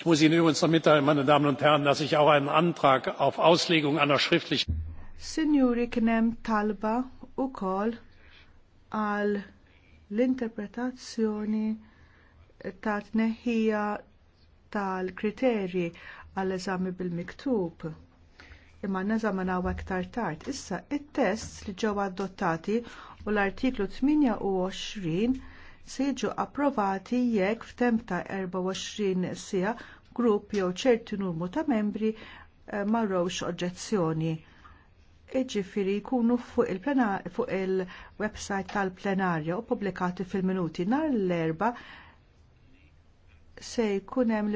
Ich muss Ihnen übrigens noch mitteilen, meine Damen und Herren, dass ich auch einen Antrag auf Auslegung einer schriftlichen. Signori kienem talba u kol għal l-interpretazzjoni ta' tneħħija tal-kriterji għall-eżami bil-miktub. Imma neżaminaw aktar tard. Issa, it-tests li ġew adottati u l-artiklu 28 se jiġu approvati jekk f'temp ta' 24 siegħa grupp jew ċerti numru ta' membri eh, marrowx oġġezzjoni. Iġifiri jkunu fuq il-website fuq il tal-plenarja u pubblikati fil-minuti nhar l-erba se jkun hemm